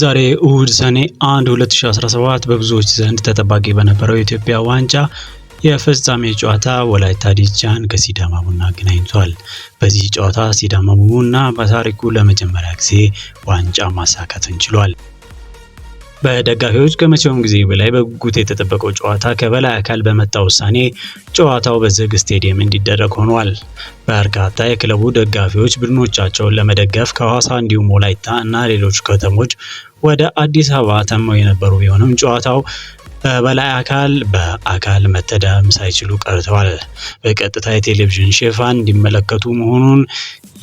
ዛሬ እሁድ ሰኔ 1 2017 በብዙዎች ዘንድ ተጠባቂ በነበረው የኢትዮጵያ ዋንጫ የፍጻሜ ጨዋታ ወላይታ ዲቻን ከሲዳማ ቡና አገናኝቷል። በዚህ ጨዋታ ሲዳማ ቡና በታሪኩ ለመጀመሪያ ጊዜ ዋንጫ ማሳካትን ችሏል። በደጋፊዎች ከመቼውም ጊዜ በላይ በጉጉት የተጠበቀው ጨዋታ ከበላይ አካል በመጣ ውሳኔ ጨዋታው በዝግ ስቴዲየም እንዲደረግ ሆኗል። በርካታ የክለቡ ደጋፊዎች ቡድኖቻቸውን ለመደገፍ ከሐዋሳ እንዲሁም ወላይታ እና ሌሎች ከተሞች ወደ አዲስ አበባ ተመው የነበሩ ቢሆንም ጨዋታው በበላይ አካል በአካል መተዳም ሳይችሉ ቀርተዋል። በቀጥታ የቴሌቪዥን ሽፋን እንዲመለከቱ መሆኑን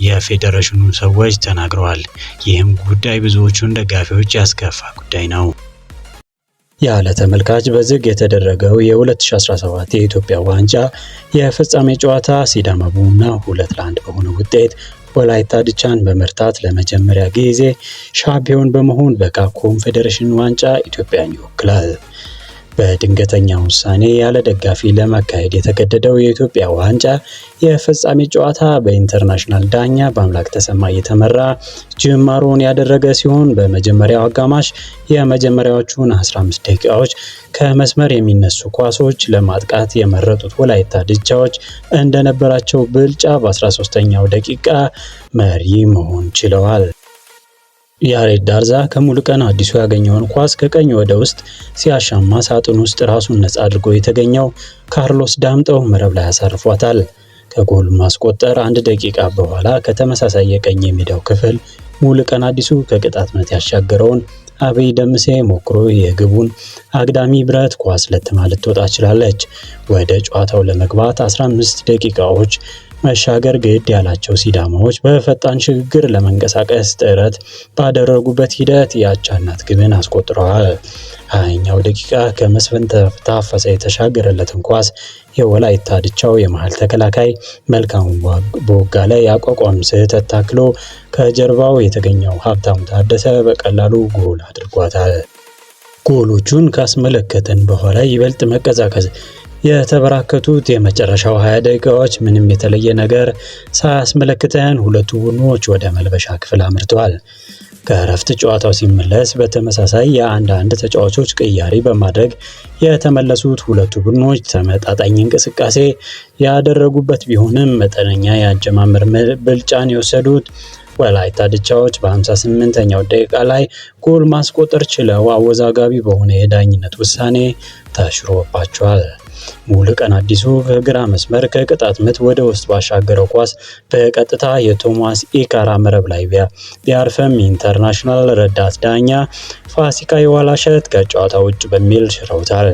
የፌዴሬሽኑ ሰዎች ተናግረዋል። ይህም ጉዳይ ብዙዎቹን ደጋፊዎች ያስከፋ ጉዳይ ነው። ያለ ተመልካች በዝግ የተደረገው የ2017 የኢትዮጵያ ዋንጫ የፍጻሜ ጨዋታ ሲዳማ ቡና ሁለት ለአንድ በሆነ ውጤት ወላይታ ድቻን በመርታት ለመጀመሪያ ጊዜ ሻምፒዮን በመሆን በካፍ ኮንፌዴሬሽን ዋንጫ ኢትዮጵያን ይወክላል። በድንገተኛ ውሳኔ ያለ ደጋፊ ለመካሄድ የተገደደው የኢትዮጵያ ዋንጫ የፍጻሜ ጨዋታ በኢንተርናሽናል ዳኛ በአምላክ ተሰማ እየተመራ ጅማሮን ያደረገ ሲሆን በመጀመሪያው አጋማሽ የመጀመሪያዎቹን 15 ደቂቃዎች ከመስመር የሚነሱ ኳሶች ለማጥቃት የመረጡት ወላይታ ድቻዎች እንደነበራቸው ብልጫ በ13ኛው ደቂቃ መሪ መሆን ችለዋል። ያሬድ ዳርዛ ቀን አዲሱ ያገኘውን ኳስ ከቀኝ ወደ ውስጥ ሲያሻማ ሳጥን ውስጥ ራሱን ነጻ አድርጎ የተገኘው ካርሎስ ዳምጠው መረብ ላይ አሳርፏታል። ከጎል ማስቆጠር አንድ ደቂቃ በኋላ ከተመሳሳይ የቀኝ የሜዳው ክፍል ቀን አዲሱ ከቅጣት ምት ያሻገረውን አብይ ደምሴ ሞክሮ የግቡን አግዳሚ ብረት ኳስ ለትማ ልትወጣ ችላለች። ወደ ጨዋታው ለመግባት 15 ደቂቃዎች መሻገር ግድ ያላቸው ሲዳማዎች በፈጣን ሽግግር ለመንቀሳቀስ ጥረት ባደረጉበት ሂደት የአቻነት ግብን አስቆጥረዋል። ሀያኛው ደቂቃ ከመስፍን ታፈሰ የተሻገረለትን ኳስ የወላይታ ድቻው የመሃል ተከላካይ መልካሙ ቦጋ ላይ አቋቋም ስህተት ታክሎ ከጀርባው የተገኘው ሀብታሙ ታደሰ በቀላሉ ጎል አድርጓታል። ጎሎቹን ካስመለከተን በኋላ ይበልጥ መቀዛቀዝ የተበራከቱት የመጨረሻው 20 ደቂቃዎች ምንም የተለየ ነገር ሳያስመለክተን ሁለቱ ቡድኖች ወደ መልበሻ ክፍል አምርተዋል። ከእረፍት ጨዋታው ሲመለስ በተመሳሳይ የአንዳንድ ተጫዋቾች ቅያሪ በማድረግ የተመለሱት ሁለቱ ቡድኖች ተመጣጣኝ እንቅስቃሴ ያደረጉበት ቢሆንም መጠነኛ የአጀማመር ብልጫን የወሰዱት ወላይታ ድቻዎች በ58ኛው ደቂቃ ላይ ጎል ማስቆጠር ችለው አወዛጋቢ በሆነ የዳኝነት ውሳኔ ተሽሮባቸዋል። ሙሉቀን አዲሱ በግራ መስመር ከቅጣት ምት ወደ ውስጥ ባሻገረው ኳስ በቀጥታ የቶማስ ኢካራ መረብ ላይ ቢያርፈም ኢንተርናሽናል ረዳት ዳኛ ፋሲካ የዋላሸት ከጨዋታ ውጭ በሚል ሽረውታል።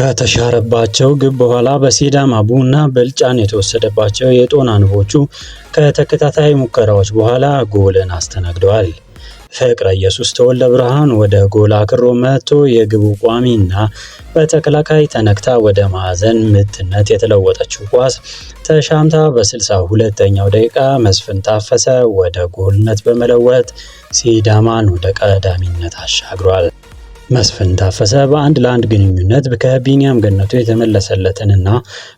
ከተሻረባቸው ግብ በኋላ በሲዳማ ቡና ብልጫን የተወሰደባቸው የጦና ንቦቹ ከተከታታይ ሙከራዎች በኋላ ጎልን አስተናግደዋል። ፍቅረ ኢየሱስ ተወልደ ብርሃን ወደ ጎል አክሮ መጥቶ የግቡ ቋሚና በተከላካይ ተነክታ ወደ ማዕዘን ምትነት የተለወጠችው ኳስ ተሻምታ በስልሳ ሁለተኛው ደቂቃ መስፍን ታፈሰ ወደ ጎልነት በመለወጥ ሲዳማን ወደ ቀዳሚነት አሻግሯል። መስፍን ታፈሰ በአንድ ለአንድ ግንኙነት ከቢንያም ገነቱ የተመለሰለትንና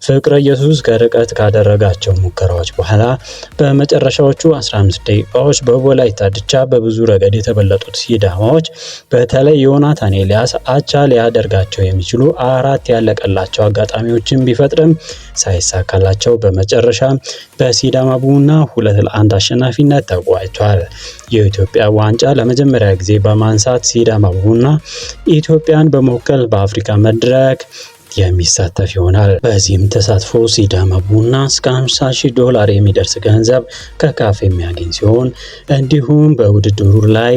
ፍቅረ ኢየሱስ ከርቀት ካደረጋቸው ሙከራዎች በኋላ በመጨረሻዎቹ 15 ደቂቃዎች በወላይታ ድቻ በብዙ ረገድ የተበለጡት ሲዳማዎች በተለይ ዮናታን ኤልያስ አቻ ሊያደርጋቸው የሚችሉ አራት ያለቀላቸው አጋጣሚዎችን ቢፈጥርም ሳይሳካላቸው በመጨረሻ በሲዳማ ቡና ሁለት ለአንድ አሸናፊነት ተቋጭቷል። የኢትዮጵያ ዋንጫ ለመጀመሪያ ጊዜ በማንሳት ሲዳማ ቡና ኢትዮጵያን በመወከል በአፍሪካ መድረክ የሚሳተፍ ይሆናል። በዚህም ተሳትፎ ሲዳማ ቡና እስከ 50 ሺህ ዶላር የሚደርስ ገንዘብ ከካፍ የሚያገኝ ሲሆን እንዲሁም በውድድሩ ላይ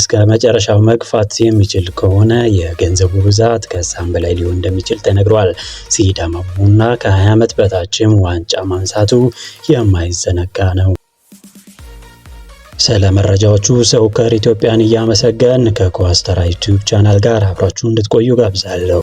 እስከ መጨረሻው መግፋት የሚችል ከሆነ የገንዘቡ ብዛት ከዛም በላይ ሊሆን እንደሚችል ተነግሯል። ሲዳማ ቡና ከ20 ዓመት በታችም ዋንጫ ማንሳቱ የማይዘነጋ ነው። ስለ መረጃዎቹ ሰውከር ኢትዮጵያን እያመሰገን ከኳስ ተራ ዩቲዩብ ቻናል ጋር አብራችሁ እንድትቆዩ ጋብዛለሁ።